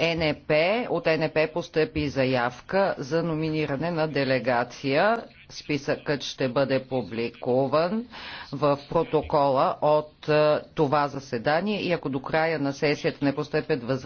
НП, от НП постъпи заявка за номиниране на делегация. Списъкът ще бъде публикуван в протокола от това заседание и ако до края на сесията не постъпят възможности,